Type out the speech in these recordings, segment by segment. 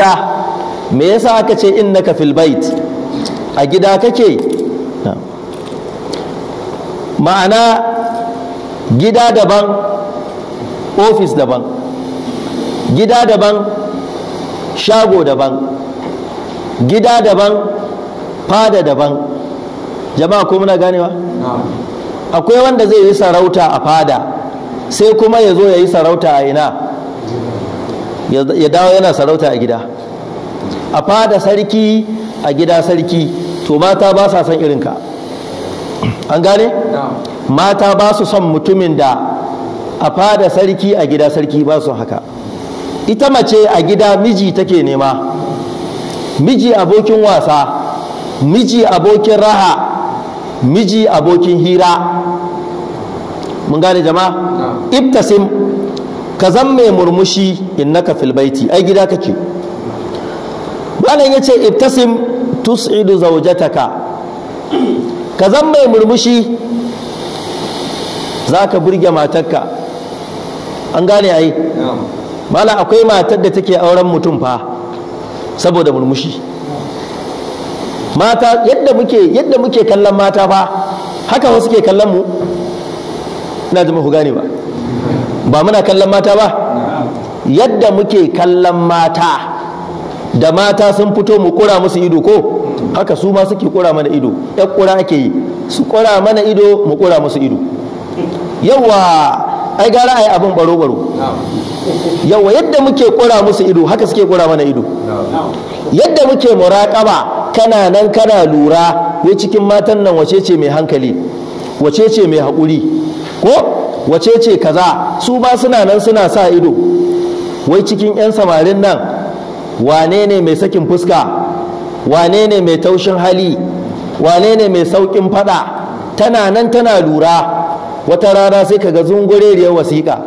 gida me yasa aka ce innaka fil bait a gida kake ma'ana gida daban ofis daban gida daban shago daban gida daban fada daban jama'a ko muna ganewa akwai wanda zai yi sarauta a fada sai kuma ya zo ya yi sarauta a ina ya dawo yana sarauta a gida a fada sarki a gida sarki to mata ba sa son irinka an gane mata ba su son mutumin da a fada sarki a gida sarki ba su haka ita mace a gida miji take nema miji abokin wasa miji abokin raha miji abokin hira mun gane jama'a ibtasim ka zan mai murmushi innaka fil baiti ai gida kake malam yace ibtasim tus'idu zawjataka ka zan mai murmushi zaka burge matarka an gane ai malam akwai matar da take auren mutum fa saboda murmushi mata yadda muke yadda muke kallon mata fa haka wasu ke kallon mu ina jama'a ku gane ba ba muna kallon mata ba yadda muke kallon mata da mata sun fito mu kura musu ido ko haka su ma suke kura mana ido yan kura ake yi su kura mana ido mu kura musu ido yawa ai gara ai abin baro baro yawa yadda muke kura musu ido haka suke kura mana ido yadda muke muraƙaba kana nan kana lura wai cikin matan nan wace ce mai hankali wace ce mai haƙuri ko wace ce kaza su ba suna nan suna sa ido wai cikin 'yan samarin nan wane ne mai sakin fuska wane ne mai taushin hali wane ne mai sauƙin faɗa tana nan tana lura wata rana sai ka kaga zungureriyar wasiƙa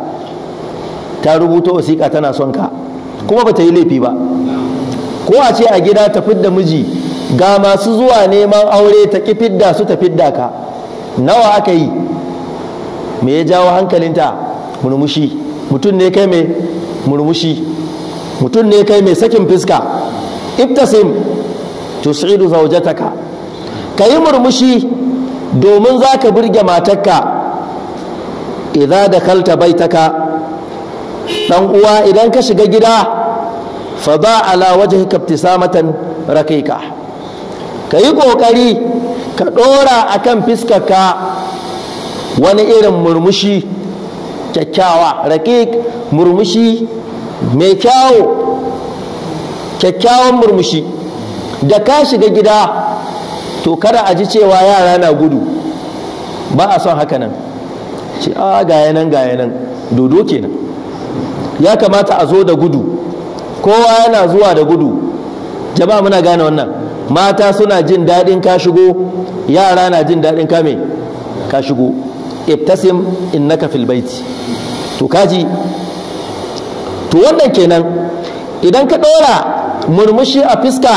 ta rubuta wasiƙa tana son ka kuma ba ta yi laifi ba ko a ce a gida ta fidda miji ga masu zuwa neman aure ta ƙi fidda su ta fidda ka nawa aka yi me ya jawo hankalinta murmushi mutum ne kai mai murmushi mutum ne kai mai sakin fuska ibtasim tus'idu zawjataka ka yi murmushi domin za ka burge matarka idza bai taka. dan uwa idan ka shiga gida fa ba ala wajhika ibtisamatan rakika ka yi ƙoƙari ka dora akan fiskarka wani irin murmushi kyakkyawa raƙiƙ murmushi mai kyawo kyakkyawan murmushi da ka shiga gida to kada a ji cewa yara na gudu ba a son haka nan ce a gaya nan gaya nan dodo kenan ya kamata a zo da gudu kowa yana zuwa da gudu jama'a muna gane wannan mata suna jin daɗin ka shigo yara na jin daɗin ka mai ka shigo ibtasim innaka fil baiti to kaji to wannan kenan idan ka ɗora murmushi a fiska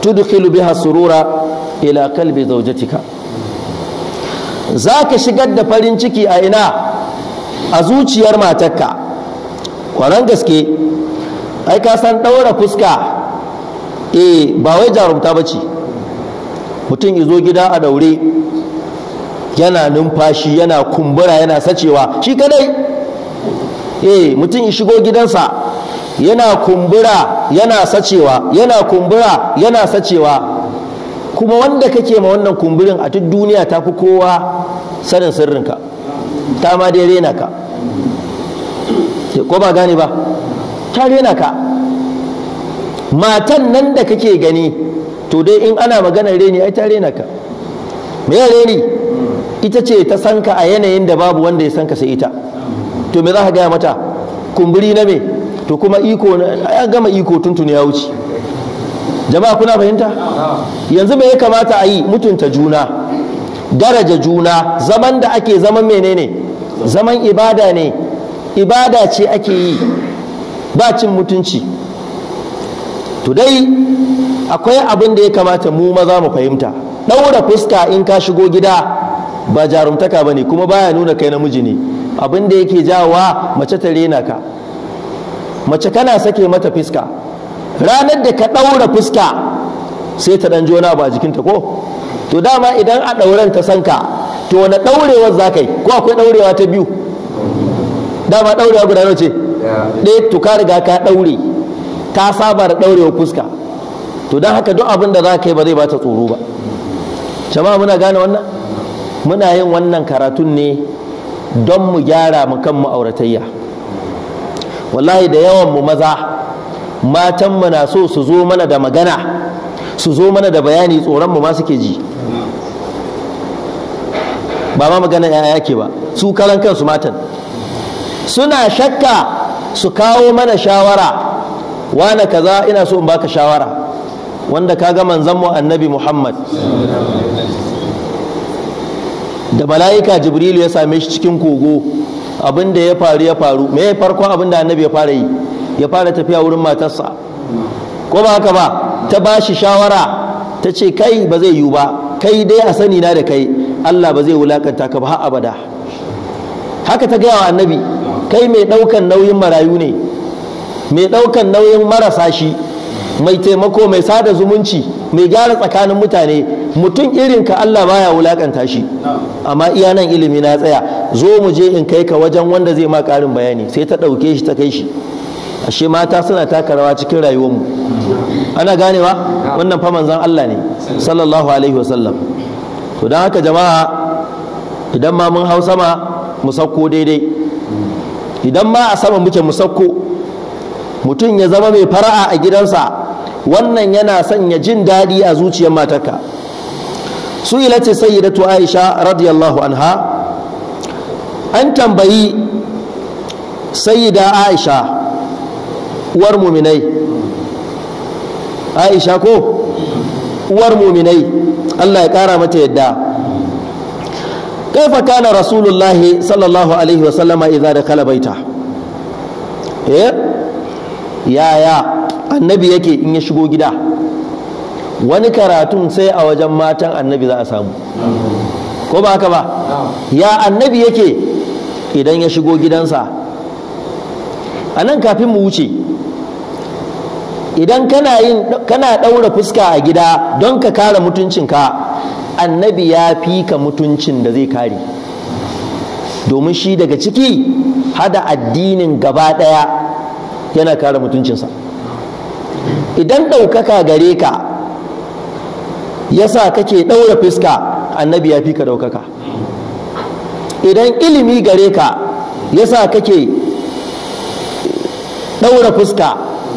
tudkhilu biha surura ila kalbi zawjatika zaka shigar da farin ciki a ina a zuciyar matarka kwaran gaske ai ka san ɗaura fuska eh ba wai jarumta bace mutum izo gida a daure yana numfashi yana kumbura yana sacewa shi kadai eh mutum ya shigo gidansa yana kumbura yana sacewa yana kumbura yana sacewa kuma wanda kake ma wannan kumburin a duk duniya ta fi kowa sanin sirrinka ta ma dai rena ka ko ba gane ba ta rena ka matan nan da kake gani to dai in ana maganar reni ai ta rena ka me reni ita ce ta sanka a yanayin da babu wanda ya sanka sai ita to me za ka gaya mata kumburi na me to kuma iko ya gama iko tuntun ya wuce jama'a kuna fahimta yanzu me ya kamata a yi mutunta juna daraja juna zaman da ake zaman menene zaman ibada ne ibada ce ake yi ba cin mutunci to dai akwai abin da ya kamata mu maza mu fahimta ɗaura fuska in ka shigo gida ba jarumtaka ba ne kuma baya nuna kai namiji ne abin da yake jawa mace ta rena ka mace kana sake mata fuska ranar da ka ɗaura fuska sai ta ɗan jona ba jikinta ko to dama idan a ɗauren ta san ka to wani ɗaurewa za ka yi ko akwai ɗaurewa ta biyu dama ɗaurewa guda nace ce ɗaya to ka riga ka ɗaure ka saba da ɗaurewa fuska to don haka duk abin da za ka yi ba zai bata tsoro ba jama'a muna gane wannan muna yin wannan karatun ne don mu gyara mu kan ma'auratayya wallahi da yawan mu maza matanmu na so su zo mana da magana su zo mana da bayani tsoron mu ma suke ji ba ma magana yaya ke ba su kalan kansu matan suna shakka su kawo mana shawara wane kaza ina so in baka shawara wanda ka manzon mu annabi Muhammad da mala'ika jibrilu ya same shi cikin kogo abinda ya faru ya faru me farkon abin da annabi ya fara yi ya fara tafiya wurin matarsa ko ba haka ba ta ba shi shawara ta ce kai ba zai yiwu ba kai dai a sani na da kai Allah ba zai wulakanta ka ba har abada haka ta gaya wa annabi kai mai ɗaukan nauyin marayu ne mai ɗaukan nauyin marasa shi mai taimako mai sada zumunci mai gyara tsakanin mutane mutum irin ka Allah baya wulakanta shi amma iya nan ilimi na tsaya zo mu je in kai ka wajen wanda zai ma karin bayani sai ta ɗauke shi ta kai shi ashe mata suna taka rawa cikin mu. ana ganewa wannan fa manzon Allah ne sallallahu alaihi wasallam to dan haka jama'a idan ma mun hau sama mu sauko daidai idan ma a sama muke mu sauko mutum ya zama mai fara'a a gidansa wannan yana sanya jin daɗi a zuciyar matarka su ilace sayyidatu aisha radiyallahu anha an tambayi sayyida aisha uwar muminai aisha ko uwar muminai allah ya ƙara mata yadda kaifa kana rasulullahi sallallahu alaihi wasallama idza dakala baita eh? yaya annabi yake in ya shigo gida wani karatun sai a wajen matan annabi za a samu ko ba haka ba ya annabi yake idan ya shigo gidansa a nan kafin mu wuce idan kana daura ɗaura fuska a gida don ka kare mutuncinka annabi ya fi ka mutuncin da zai kare domin shi daga ciki hada addinin gaba ɗaya yana kare mutuncinsa idan ɗaukaka gare ka ya sa kake ɗaura fuska annabi ya fi ka ɗaukaka idan ilimi gare ka ya sa kake ɗaura fuska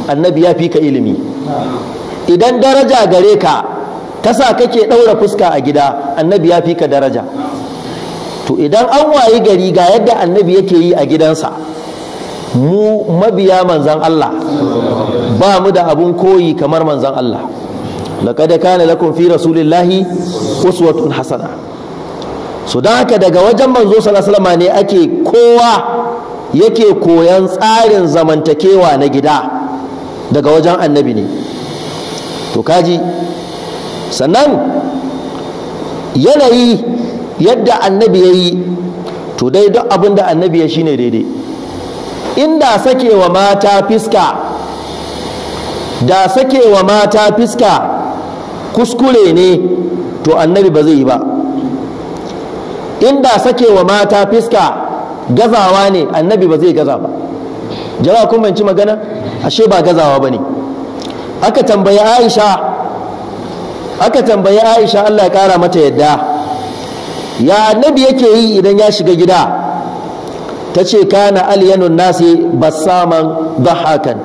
annabi ya fi ka ilimi idan daraja gare ka ta sa kake ɗaura fuska a gida annabi ya fi ka daraja to idan an wayi gari ga yadda annabi yake yi a gidansa mu mabiya manzan Allah ba mu da abun koyi kamar manzan Allah laqad kana lakum fi rasulillahi uswatun hasana so don haka daga wajen manzo sallallahu ne ake kowa yake koyan tsarin zamantakewa na gida daga wajen annabi ne to kaji sannan yanayi yadda annabi ya yi to dai duk abin da annabi ya shine daidai inda sakewa mata fiska da sakewa mata fiska kuskure ne to annabi ba zai yi ba inda sakewa mata fiska gazawa ne annabi ba zai gaza ba jama'a kun banci magana ashe ba gazawa ba ne aka tambayi aisha aka tambayi aisha allah ya kara mata yadda ya annabi yake yi idan ya shiga gida ta ce kana aliyanun nasi basaman dahakan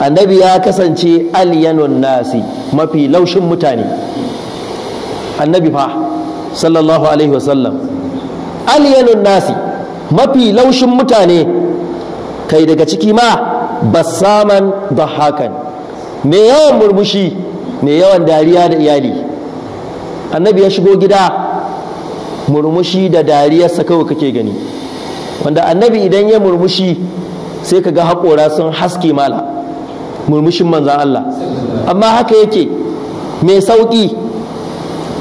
annabi ya kasance aliyanun nasi mafi laushin mutane annabi fa sallallahu alaihi wasallam aliyanun nasi mafi laushin mutane kai daga ciki ma basaman dahakan hakan yawan murmushi me yawan dariya da iyali annabi ya shigo gida murmushi da dariyarsa kawai kake gani wanda annabi idan ya murmushi sai kaga hakora sun haske mala murmushin manzan Allah amma haka yake mai sauƙi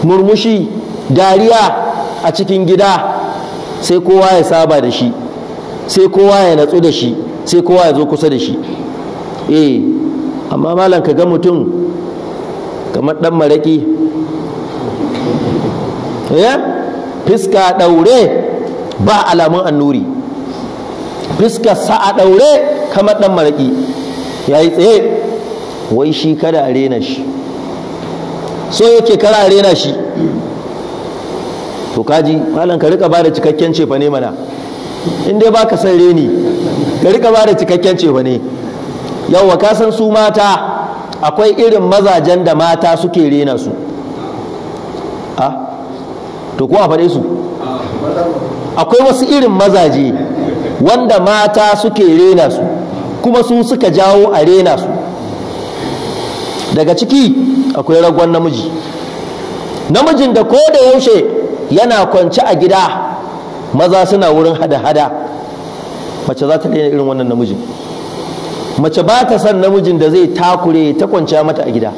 murmushi dariya a cikin gida sai kowa ya saba da shi sai kowa ya natsu da shi sai kowa ya zo kusa da shi eh amma malam ka ga mutum kamar ɗan maraƙi eh, fiska ɗaure ba alamun annuri Fiska sa'a a ɗaure kamar ɗan maraƙi ya yi tsaye wai shi kada a rena shi so yake kada a rena shi to kaji malam ka rika bada cikakken cefa ne mana in dai baka san reni ka rika bada cikakken cefa ne yawwa ka san su mata akwai irin mazajen da mata suke rena su a ah, to ko a faɗe su akwai wasu irin mazaje wanda mata suke rena su kuma su suka jawo a rena su daga ciki akwai ragon namiji namijin da ko da yaushe yana kwance a gida maza suna wurin hada-hada mace za ta daina irin wannan namijin mace ba ta son namijin da zai takure ta kwanciya mata a gida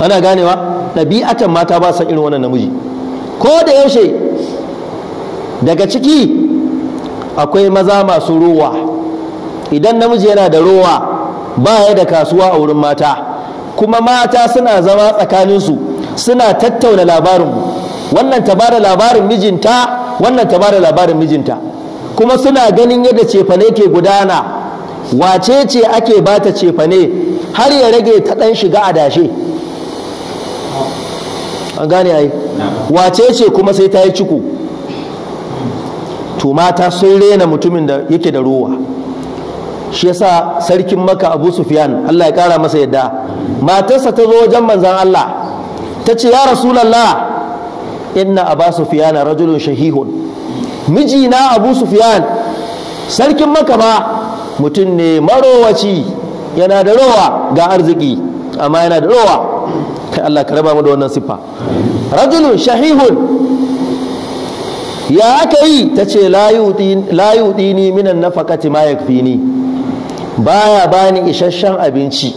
ana ganewa ɗabi'atan mata ba son irin wannan namiji ko da yaushe daga ciki akwai maza masu ruwa idan namiji yana da rowa ba ya da kasuwa a wurin mata kuma mata suna zama tsakaninsu suna tattauna labarin wannan ta bada labarin mijinta wannan ta bada labarin mijinta kuma suna ganin yadda cefane ke gudana wace ce ake bata cefane har ya rage ta ɗan shiga dashe an gane ai wace ce kuma sai ta yi ciku to mata sun rena mutumin da yake da rowa shi yasa sarkin maka abu Sufiyan Allah ya kara masa yadda matarsa ta zo wajen manzan Allah ta ce ya lalla, inna abu Sufiyan, rajulun shahihun mijina abu Sufiyan sarkin maka ma mutum ne marowaci yana da rowa ga arziki amma yana da rowa kai Allah ka raba mu da wannan siffa rajulun shahihun ya aka yi ta ce layu ɗini minan fakati ma ya fi ni. baya bani isasshen abinci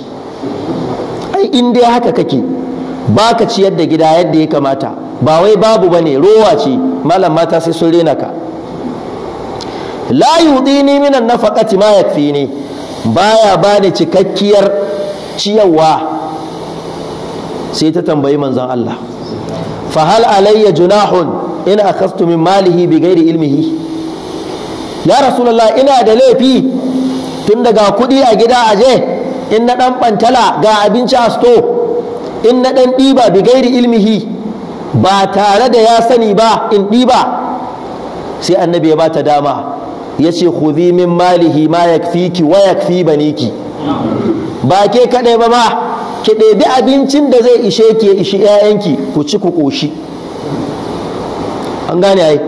ai in dai haka kake baka ciyar da gida yadda ya kamata ba wai babu bane rowa ce malam mata sai sun rena ka la yudini minan nafaqati ma yakfini baya bani cikakkiyar ciyawa. sai ta tambayi manzon Allah fa hal alayya junahun in akhastu min malihi bighairi ilmihi ya rasulullah ina da laifi tun daga kuɗi a gida a je, in na ɗan ɓantala ga abinci a sto in na ɗan ɗiba bigairi ilmihi ba tare da ya sani ba in diba sai annabi ya ba ta dama ya ce khudhi min malihi ma yakfiki wa yakfi baniki ba ke kaɗai ba ma ki ɗebi abincin da zai ishe ki ya ishi 'ya'yanki ku ci ku ƙoshi an gane ai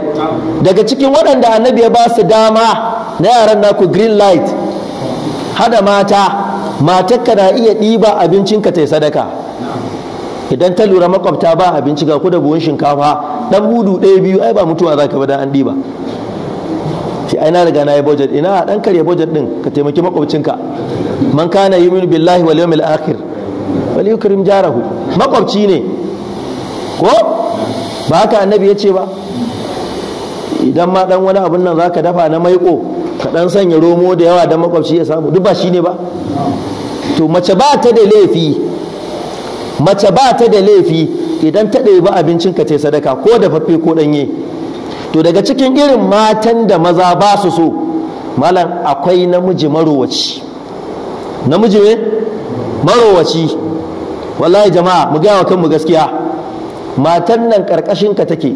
daga cikin waɗanda annabi ya ba su dama na yaran naku green light hada mata ka na iya ɗiba abincinka ta sadaka idan ta lura makwabta ba abinci ga ku da buhun shinkafa dan hudu ɗaya biyu ai ba mutuwa za ka bada an ɗiba shi ai na riga na yi budget ina ɗan karya budget ɗin ka taimaki makwabcinka man kana yu'minu billahi wal yawmil akhir wal yukrim jarahu makwabci ne ko ba haka annabi ya ce ba idan ma dan wani abun nan za ka dafa na maiƙo Kaɗan sanya romo da yawa da makwabci ya samu duk ba shi ne ba to mace ba ta da laifi mace ba ta da laifi idan ta ɗebi abincin ka ce sadaka ko da faffe ko ɗanye to daga cikin irin matan da maza ba su so malam akwai namiji marowaci namiji ne marowaci wallahi jama'a mu gaya wa kanmu gaskiya matan nan karkashin ka take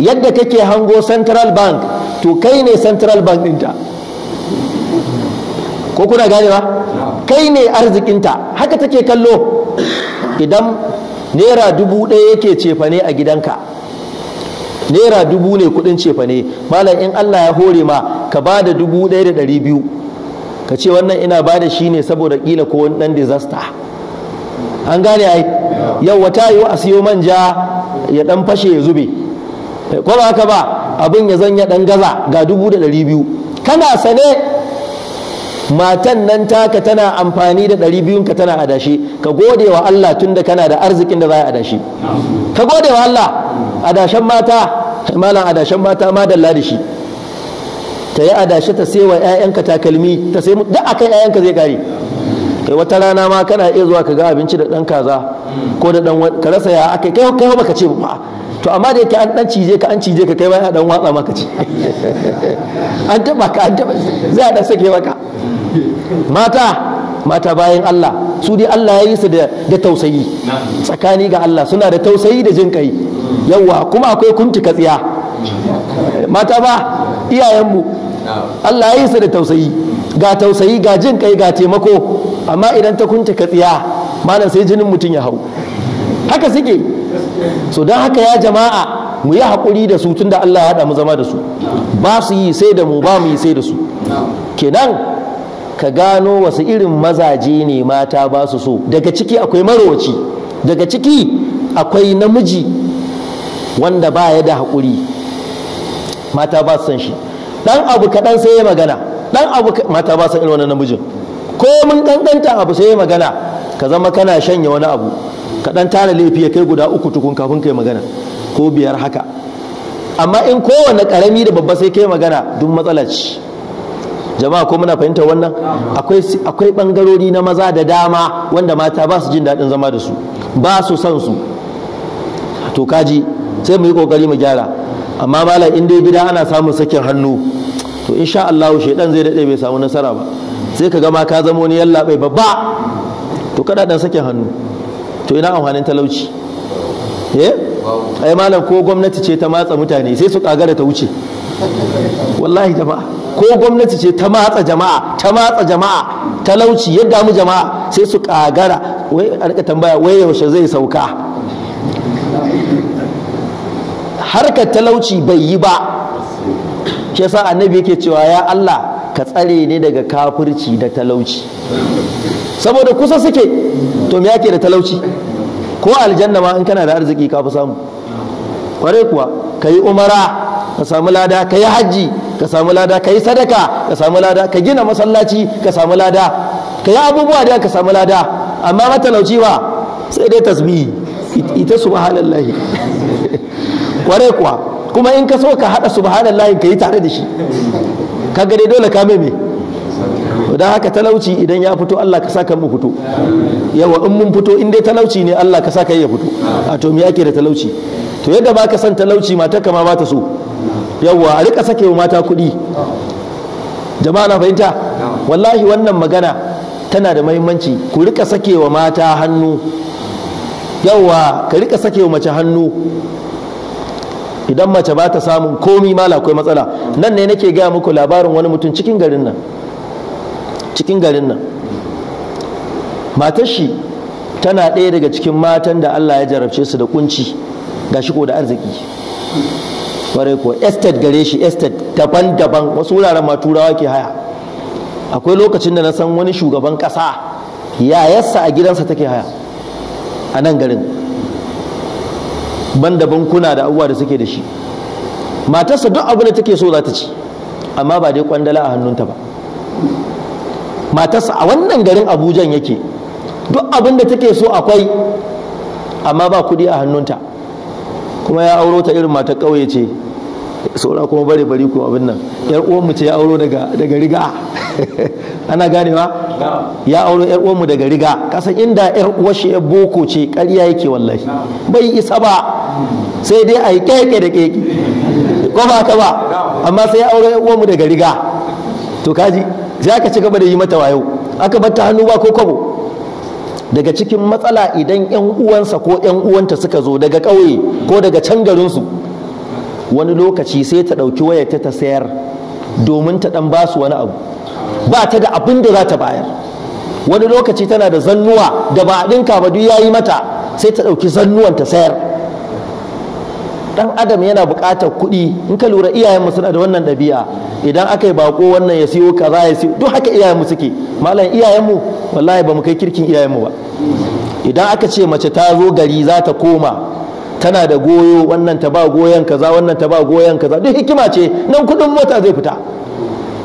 yadda kake hango central bank to kai ne central bank ɗinta ko kuna gane ba kai ne arzikinta haka take kallo idan naira dubu ɗaya yake cefane a gidanka naira dubu ne kudin cefane malam in allah ya hore ma ka ba da dubu ɗaya da ɗari biyu ka ce wannan ina ba da shi ne saboda ƙila ko wani ɗan disaster an gane ai yau wata yiwu a siyo manja ya ɗan fashe ya zube ko ba haka ba abin ya zanya dan gaza ga dubu da ɗari biyu kana sane matan nan taka tana amfani da ɗari biyun ka tana adashi ka gode wa Allah tunda kana da arzikin da za a adashi ka gode wa Allah adashen mata malam adashen mata ma dalla da shi ta yi adashi ta sai wa 'ya'yanka takalmi ta sai duk akan 'ya'yanka zai kare kai wata rana ma kana iya zuwa ka ga abinci da dan kaza ko da dan ka rasa ya akai kai kai baka ce ba to amma da yake an dan cije ka an cije ka kai bayan dan watsa maka ci an taba ka an taba zai dan sake maka mata mata bayan Allah su dai Allah ya yi su da tausayi tsakani ga Allah suna da tausayi da jin kai yawa kuma akwai kunti katsiya mata ba iyayenmu Allah ya yi su da tausayi ga tausayi ga jin kai ga taimako amma idan ta kunti katsiya malam sai jinin mutum ya hau haka suke so don haka ya jama'a mu yi haƙuri da su da Allah ya haɗa mu zama da su ba su yi sai da mu ba mu yi sai da su kenan ka gano wasu irin mazaje ne mata ba su so daga ciki akwai marowaci daga ciki akwai namiji wanda ba ya da haƙuri mata ba su san shi ɗan abu kaɗan sai ya magana ɗan abu mata ba su irin wani namijin ko mun ɗanɗanta abu sai ya magana ka zama kana shanya wani abu Kaɗan dan tara laifi ya kai guda uku tukun kafin kai magana ko biyar haka amma in kowane karami da babba sai kai magana duk matsala ce jama'a ko muna fahimtar wannan akwai ɓangarori bangarori na maza da dama wanda mata ba su jin daɗin zama da su ba su san su to kaji sai mu yi kokari mu gyara amma malam in dai gida ana samun sakin hannu to insha Allah shedan zai daɗe bai samu nasara ba sai ka ga ma ka zama wani yallaɓai babba to kada dan sakin hannu to ina amfanin talauci eh ai malam ko gwamnati ce ta matsa mutane sai su kagara ta wuce wallahi jama'a ko gwamnati ce ta matsa jama'a ta matsa jama'a talauci ya damu jama'a sai su kagara wai a rika tambaya wai yaushe zai sauka harkar talauci bai yi ba ke sa annabi yake cewa ya Allah ka tsare ne daga kafirci da talauci saboda kusa suke to me yake da talauci ko aljanna ma in kana da arziki ka fi samu kware kuwa ka yi umara ka samu lada ka yi hajji ka samu lada ka yi sadaka ka samu lada ka gina masallaci ka samu lada ka yi abubuwa da ka samu lada amma matalauci ba sai dai tasbihi ita subhanallahi kware kuwa kuma in ka so ka hada subhanallahi ka yi tare da shi ka gare dole ka mai don haka talauci idan ya fito Allah ka saka mu fito yawa in mun fito in dai talauci ne Allah ka saka ya fito a to me ake da talauci to yadda baka san talauci mata kama ba ta so yawa a rika sakewa mata kuɗi jama'a na fahimta wallahi wannan magana tana da mahimmanci ku rika sakewa mata hannu yawa ka rika sakewa mace hannu idan mace ba ta samun komi mala akwai matsala nan ne nake gaya muku labarin wani mutum cikin garin nan cikin garin nan matar shi tana ɗaya daga cikin matan da Allah ya jarabce su da kunci ga shi ko da arziki ware ko estet gare shi estet daban-daban wasu wuraren ma turawa ke haya akwai lokacin da na san wani shugaban ƙasa yassa a gidansa take haya a nan garin ban da bankuna da abubuwa da suke da shi matarsa duk abu da take so za ta ci amma ba dai kwandala a hannunta ba matarsa a wannan garin abujan yake duk abin da take so akwai amma ba kudi a hannunta kuma ya auro ta irin mata ƙauye ce saura kuma bare bari ko abin nan yar uwanmu ce ya auro daga daga riga ana ganewa ya auro yar uwanmu daga riga kasan inda yar uwar shi ya boko ce ƙarya yake wallahi bai isa ba sai dai a yi keke da keke ko ba ka ba amma sai ya auro yar uwanmu daga riga to kaji Za ka ci gaba da yi mata wayo aka bar ta hannu ba ko kwabo daga cikin matsala idan 'yan uwansa ko 'yan uwanta suka zo daga ƙauye ko daga can garinsu wani lokaci sai ta ɗauki waya ta ta sayar domin ta ɗan ba su wani abu ba ta da abin da za ta bayar wani lokaci tana da zannuwa da ba a ɗinka ba duk ya yi mata sai ta ɗauki zannuwan ta sayar dan adam yana buƙatar kuɗi in ka lura iyayenmu suna da wannan ɗabi'a idan aka yi baƙo wannan ya siyo kaza ya siyo duk haka iyayenmu suke malam iyayenmu wallahi ba mu kai kirkin iyayenmu ba idan aka ce mace ta zo gari za ta koma tana da goyo wannan ta ba goyon kaza wannan ta ba goyon kaza duk hikima ce nan kuɗin mota zai fita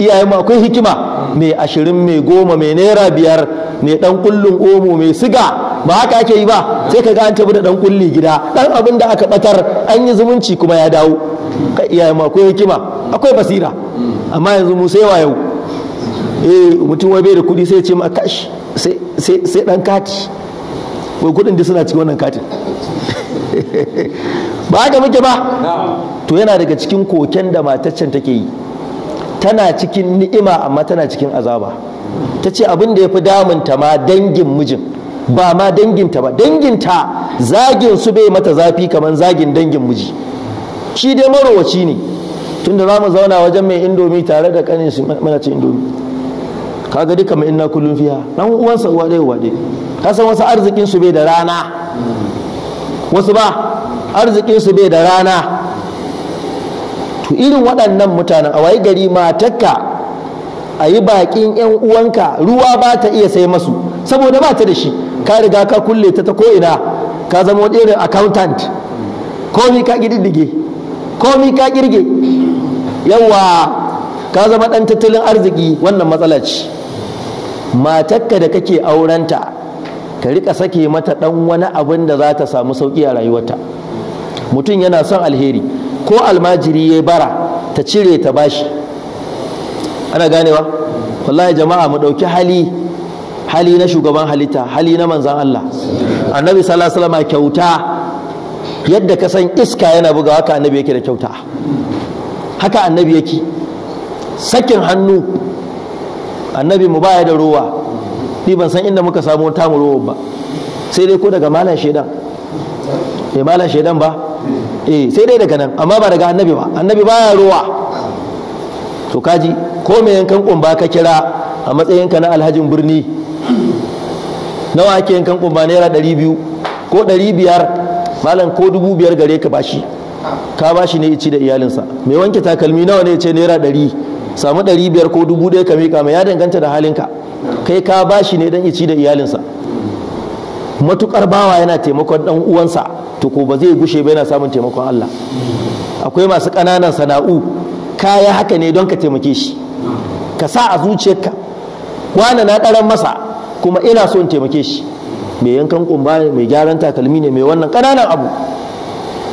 iyayenmu akwai hikima mai ashirin mai goma mai naira biyar mai dan kullun omo mai siga ba haka ake yi ba sai ka ga an tafi da dan kulli gida dan abin da aka batar an yi zumunci kuma ya dawo kai iyaye ma akwai hikima akwai basira amma yanzu mu sai wa yau eh mutum wai bai da kudi sai ce ma kashi sai sai dan kati ko kudin da suna cikin wannan katin ba haka muke ba to yana daga cikin koken da matacen take yi tana cikin ni'ima amma tana cikin azaba ta ce abin da ya fi damunta ma dangin mijin ba ma danginta ba danginta zagin su bai mata zafi kamar zagin dangin miji shi dai marowaci ne tunda za mu zauna wajen mai indomi tare da kanin su mana ce indomi kaga duka mai inna kullum fiya dan uwansa uwa ɗaya uwa ɗaya ka san wasu arzikin su bai da rana wasu ba arzikin su bai da rana to irin waɗannan mutanen a wai gari matakka a yi baƙin 'yan uwanka ruwa ba ta iya sai masu saboda ba ta da shi ka riga ka kulle ta ta ko'ina ka zama wani irin accountant komi ka girgige komi ka ƙirge yawa ka zama ɗan tattalin arziki wannan matsala ce matakka da kake aurenta ka rika sake mata ɗan wani abin da za ta samu sauki a rayuwarta mutum yana son alheri ko almajiri ya bara ta cire ta bashi ana ganewa wallahi jama'a mu ɗauki hali hali na shugaban halitta hali na manzan Allah annabi sallallahu alaihi wasallam kyauta yadda ka san iska yana buga ka annabi yake da kyauta haka annabi yake sakin hannu annabi mu baya da ruwa ni ban san inda muka samu mu ruwa ba sai dai ko daga malam shedan eh malam shedan ba eh sai dai daga nan amma ba daga annabi ba annabi baya ruwa to kaji ko mai yankan kumba ka kira a matsayinka na alhajin birni nawa ake yankan kumba naira ɗari biyu ko ɗari biyar malam ko dubu biyar gare ka bashi ka bashi ne ici da iyalinsa mai wanke takalmi nawa ne ce naira ɗari samu ɗari biyar ko dubu ɗaya ka miƙa mai ya danganta da halinka kai ka bashi ne dan ici da iyalinsa matukar bawa yana taimakon dan uwansa to ko ba zai gushe ba yana samun taimakon Allah akwai masu ƙananan sana'u kaya haka ne don ka taimake shi ka sa a zuciyarka wane na ɗaran masa kuma ina so in taimake shi mai yankan kumba ne mai gyaran takalmi ne mai wannan ƙananan abu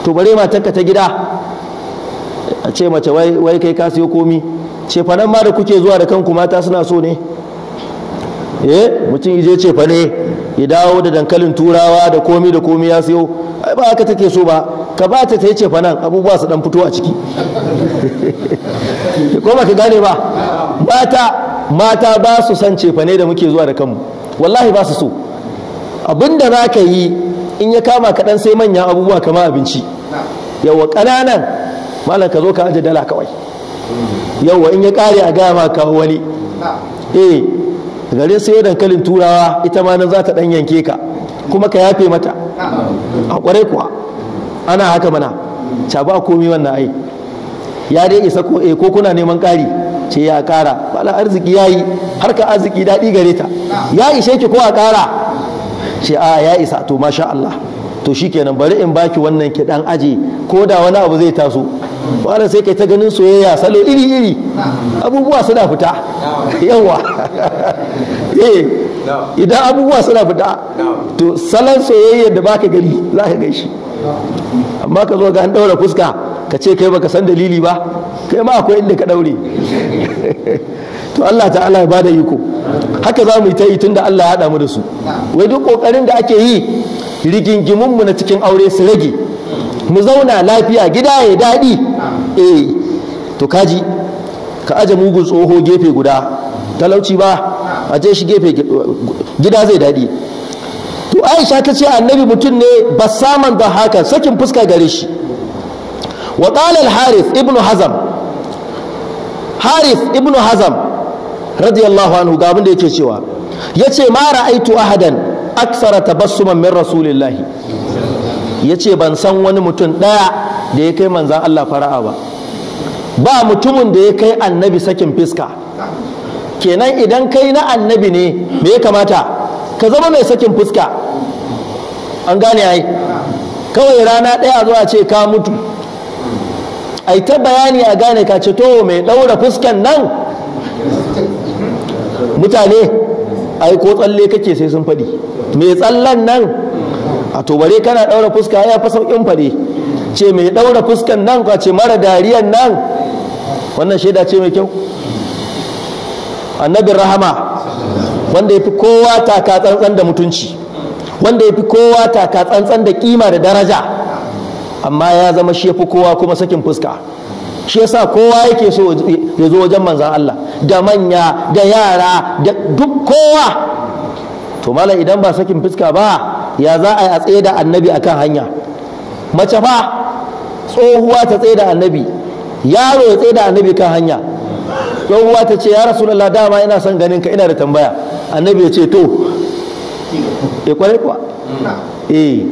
to bare matarka ta gida a ce mace wai kai ka siyo komi ce fa ma da kuke zuwa da kanku mata suna so ne eh mutum ije ce fa ne ya dawo da dankalin turawa da komi da komi ya siyo ai ba haka take so ba ka ba ta ce fa abubuwa su dan fito a ciki ko ba ka gane ba mata mata ba su san cefane da muke zuwa da kanmu wallahi ba su so abinda za ka yi in ya kama kaɗan sai manyan abubuwa kama abinci yawa ƙananan malam ka zo ka aje dala kawai yawa in ya kare a gaya ma kawo wani eh gare sai dankalin turawa ita ma nan za ta dan yanke ka kuma ka yafe mata a kwarai kuwa ana haka mana ca ba komi wannan ai ya dai isa ko eh ko kuna neman ƙari ce ya ƙara bala arziki yayi harka arziki daɗi gare ta ya ishe ki ko a ƙara ce a ya isa to masha Allah to shikenan bari in baki wannan ki dan aje ko da wani abu zai taso wala sai kai ta ganin soyayya salo iri iri abubuwa suna fita yawa eh idan abubuwa suna fita to salon soyayya da baka gani za ka gaishe. amma ka zo ga an daura fuska ka ce kai baka san dalili ba kai ma akwai inda ka daure to Allah ta'ala ya bada iko haka za mu yi ta yi tunda Allah ya haɗa da su wai duk kokarin da ake yi rigingimunmu na cikin aure su rage mu zauna lafiya gida ya daɗi eh to kaji ka aje mugun tsoho gefe guda talauci ba a je shi gefe gida zai daɗi to aisha ta ce annabi mutum ne ba saman ba haka sakin fuska gare shi wa ƙalal harith ibn hazam harith ibn hazam radiyallahu anhu ga abin da yake cewa yace ma ra'aitu ahadan aksara tabassuman min rasulillahi ya ce ban san wani mutum ɗaya da ya kai manzan Allah fara'a ba ba mutumin da ya kai annabi sakin fiska kenan idan kai na annabi ne me ya kamata ka zama mai sakin fuska an gane ai kawai rana ɗaya zuwa ce ka mutu ai ta bayani a gane ka ce to mai ɗaura fuskan nan mutane ai ko tsalle kake sai sun faɗi mai tsallan nan a to bare kana daura fuska ya fa saukin fare ce mai daura fuskan nan ka ce mara dariyan nan wannan shaida ce mai kyau annabin rahama wanda ya fi kowa taka tsantsan da mutunci wanda ya fi kowa taka tsantsan da kima da daraja amma ya zama shi ya fi kowa kuma sakin fuska shi yasa kowa yake so ya zo wajen manzan Allah da manya da yara da duk kowa to malam idan ba sakin fuska ba ya za a yi a tsaye da annabi akan hanya mace fa tsohuwa ta tsaye da annabi yaro ya tsaye da annabi kan hanya tsohuwa ta ce ya rasulullah dama ina son ganin ka ina da tambaya annabi ya ce to e kwarai kuwa eh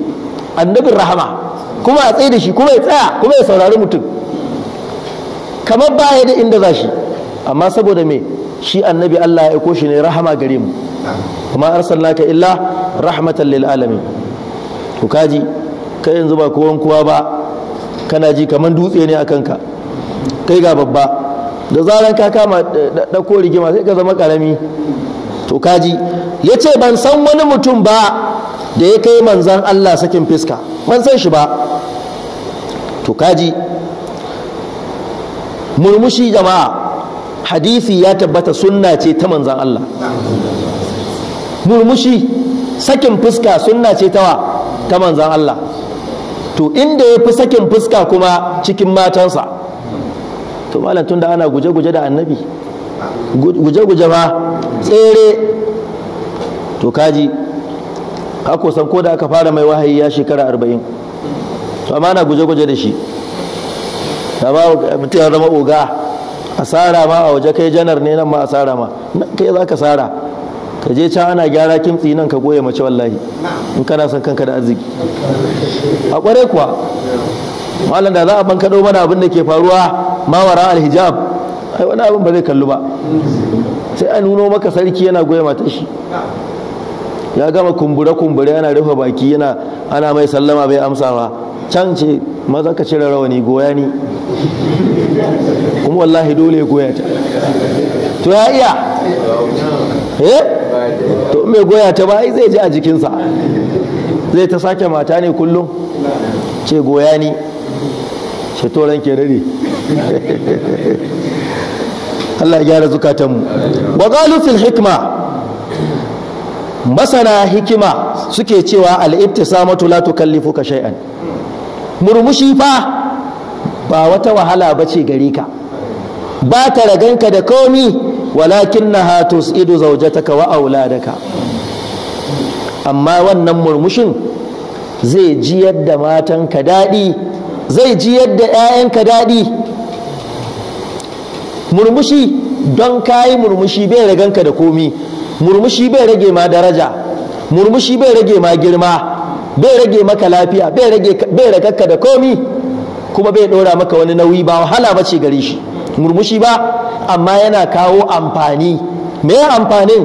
annabin rahama kuma a tsaye da shi kuma ya tsaya kuma ya saurari mutum kamar baya da inda za shi amma saboda me shi annabi Allah ya aiko shi ne rahama gare mu kuma arsalnaka illa rahmatan lil alamin to kaji kai yanzu ba kowan kowa ba kana ji kaman dutse ne akan ka kai ga babba da zaran ka kama ɗauko rigima sai ka zama karami to kaji ya ce ban san wani mutum ba da ya kai manzan Allah sakin fiska ban san shi ba to kaji murmushi jama'a hadisi ya tabbata sunna ce ta manzan Allah murmushi sakin fuska sunna ce tawa ta manzan Allah to inda ya fi sakin fuska kuma cikin matansa to malam tunda ana guje-guje da annabi guje-guje ma tsere to kaji ka san ko da aka fara mai wahayi ya shekara arba'in to amma ana guje-guje da shi ta ba mutum ya zama oga asara ma a waje kai janar ne nan ma asara ma kai za ka sara ka je can ana gyara kimtsi nan ka goya mace wallahi in kana son kanka da arziki a kware kuwa malam da za a ban kado mana abin da ke faruwa mawara alhijab ai wani abin ba zai kallu ba sai a nuno maka sarki yana goye mata shi ya gama kumbure kumbure yana rufe baki yana ana mai sallama bai amsawa can ce maza ka cire rawani goya ni kuma wallahi dole goya ta to ya iya eh? to mai goya ta ba zai ji a jikinsa zai ta sake mata ne kullum ce goya ni ce to Allah ya gyara zukatanmu ba qalu hikima hikma masana hikima suke cewa al-ibtisamatu la ka shai'an. murmushi fa ba wata wahala ba ce gare ka ba ta raganka da komi walakin na hatus ido zaujataka wa auladaka amma wannan murmushin zai ji yadda matanka daɗi zai ji yadda 'ya'yanka daɗi murmushi don kayi murmushi bai raganka da komi murmushi bai rage ma daraja murmushi bai rage ma girma bai rage maka lafiya bai rage da komi kuma bai ɗora maka wani nauyi ba wahala ba ce gare shi murmushi ba amma yana kawo amfani me amfanin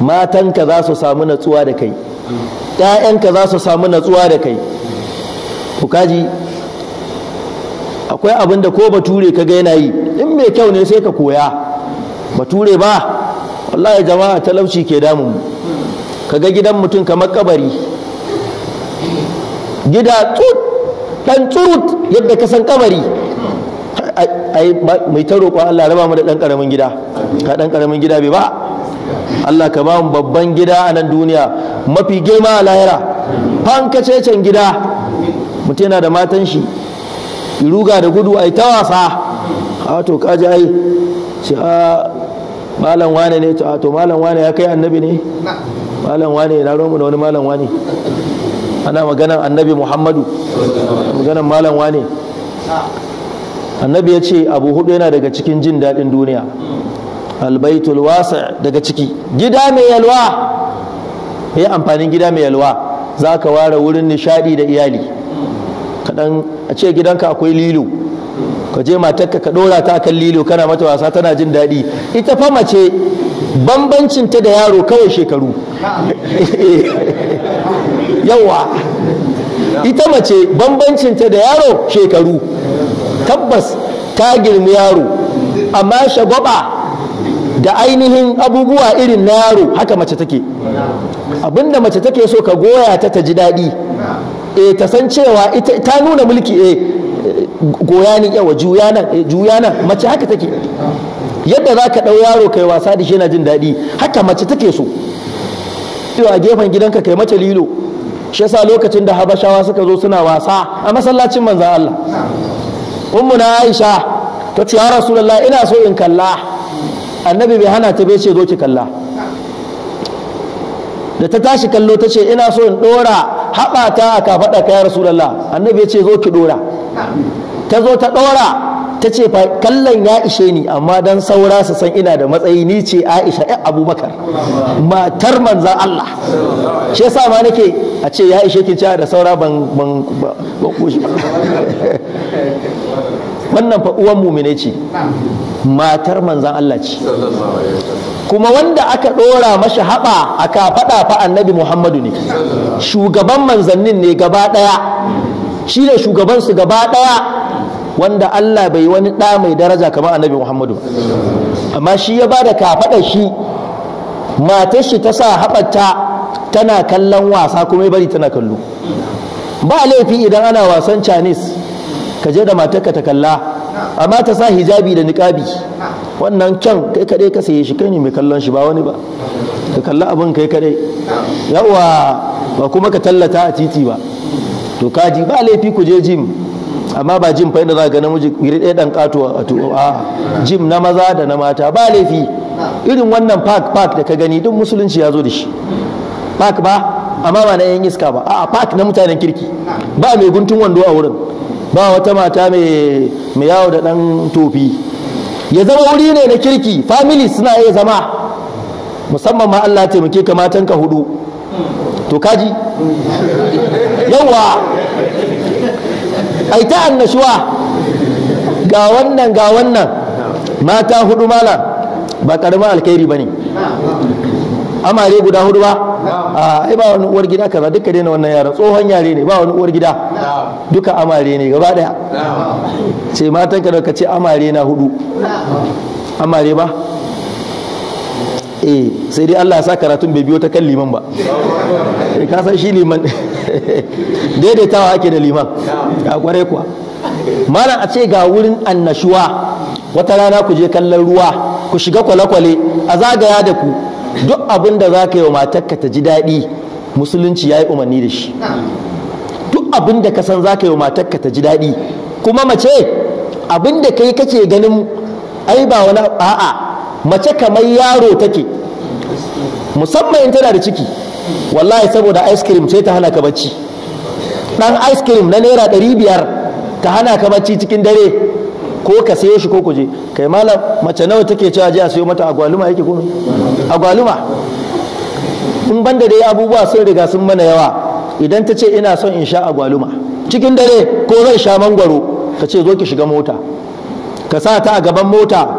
matanka za su samu natsuwa da kai ‘ya'yanka za su samu natsuwa da kai to akwai abin da ko bature ka ga yana yi in mai kyau ne sai ka koya bature ba wallahi jama'a talauci ke damun ka ga gidan mutum kamar kabari gida tut dan tsurut yadda ka san kamari ai mai ta roƙo Allah raba mu da dan karamin gida ka dan karamin gida bai ba Allah ka ba mu babban gida a nan duniya mafi girma a lahira can gida mutum yana da matan shi ruga da gudu ai ta wasa a to kaji ai shi a malam wane ne to a to malam wane ya kai annabi ne malam wane na romu da wani malam wane ana maganan annabi muhammadu maganan malam wane annabi ya ce abu hudu yana daga cikin jin daɗin duniya albaitul wasa daga ciki gida mai yalwa ya amfanin gida mai yalwa za ka ware wurin nishaɗi da iyali kaɗan a ce gidanka akwai lilo ka je matarka ka ɗora ta kan lilo kana mata wasa tana jin daɗi ita fa mace bambancinta da yaro kawai shekaru yawa ita mace bambancinta da yaro shekaru tabbas ta girmi yaro amma shagwaba da ainihin abubuwa irin na yaro haka mace take abinda mace take so ka goya ta ta ji daɗi e ta san cewa ita ta nuna mulki e goya ni yawa juya nan eh, juya nan mace haka take yadda za ka ɗau yaro kai wasa da shi yana jin daɗi haka mace take so a gefen gidanka kai mace lilo shi yasa lokacin da habashawa suka zo suna wasa a masallacin manzan Allah ummu na Aisha ta ce ya rasulullahi ina so in kalla annabi bai hana ta bai ce zo ki kalla da ta tashi kallo ta ce ina so in dora haɓata a kafaɗa ka ya rasulullahi annabi ya ce zo ki dora ta zo ta dora ta ce fa kallon ya ishe ni amma dan saura su san ina da matsayi ni ce aisha ya abubakar matar manzan allah shi yasa ma nake a ce ya ishe ki cewa da saura ban ban ban wannan fa uwan mumine ce matar manzan Allah ce kuma wanda aka ɗora mashi haɓa a faɗa fa annabi Muhammadu ne shugaban manzannin ne gaba ɗaya shi ne shugabansu gaba ɗaya wanda Allah bai wani ɗa mai daraja kamar annabi Muhammadu amma shi ya bada kafaɗa shi matar shi ta sa haɓata tana kallon wasa kuma ya bari tana kallo ba laifi idan ana wasan canis ka je da matarka ta kalla amma ta sa hijabi da niƙabi wannan kyan kai kaɗai ka saye shi kai ne mai kallon shi ba wani ba ka kalla abin kai kaɗai yawa ba kuma ka tallata a titi ba to kaji ba laifi ku je jim amma ba jim fa inda za ga namiji ɗaya ɗan ƙatuwa. a jim na maza da na mata ba laifi irin wannan park park da ka gani duk musulunci ya zo da shi park ba amma ba na yan iska ba a park na mutanen kirki ba mai guntun wando a wurin ba wata mata mai yawo da ɗan tofi ya zama wuri ne na kirki family suna iya zama musamman ma Allah taimake ka matanka hudu to kaji yawa ai ta annashuwa ga wannan ga wannan mata hudu mala ba karamin alkhairi ba ne amare guda hudu ba a ah, ai ba wani uwar gida kaza duka daina wannan yaran tsohon yare ne ba wani uwar gida duka amare ne gaba daya ce matan ka ce amare na hudu amare ba eh sai dai Allah ya sa karatun bai biyo ta kan liman ba eh, ka san shi liman daidaitawa ake da liman ka kware kuwa mana a ce ga wurin annashuwa wata rana ku je kallon ruwa ku shiga kwale-kwale a zagaya da ku duk abin da za ka yi wa matarka ta ji daɗi musulunci ya yi umarni da shi duk abin da ka san za ka yi wa matarka ta ji daɗi kuma mace abin da kai kace ganin ai ba wani a'a mace kamar yaro take musamman in tana da ciki wallahi saboda ice cream sai ta hana ka bacci dan ice cream na naira ɗari biyar ta hana ka bacci cikin dare ko ka sayo shi ko kuje kai malam mace nawa take cewa je a sayo mata agwaluma yake ko agwaluma in banda dai abubuwa sun riga sun mana yawa idan ta ce ina son in sha agwaluma cikin dare ko zan sha mangwaro ka ce zo ki shiga mota ka sa ta a gaban mota